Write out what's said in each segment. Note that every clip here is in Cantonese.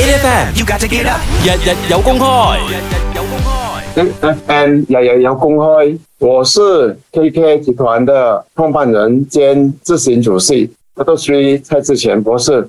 N F M 要架只機啦，日日有公開，N F M 日日有公開。我是 KK 集團的創辦人兼執行主席，Dato Seri 蔡志權博士。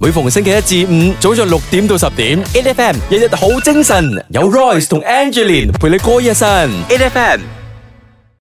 每逢星期一至五，早上六點到十點，EFM 日日好精神，有 Royce 同 Angeline 陪你過一晨，EFM。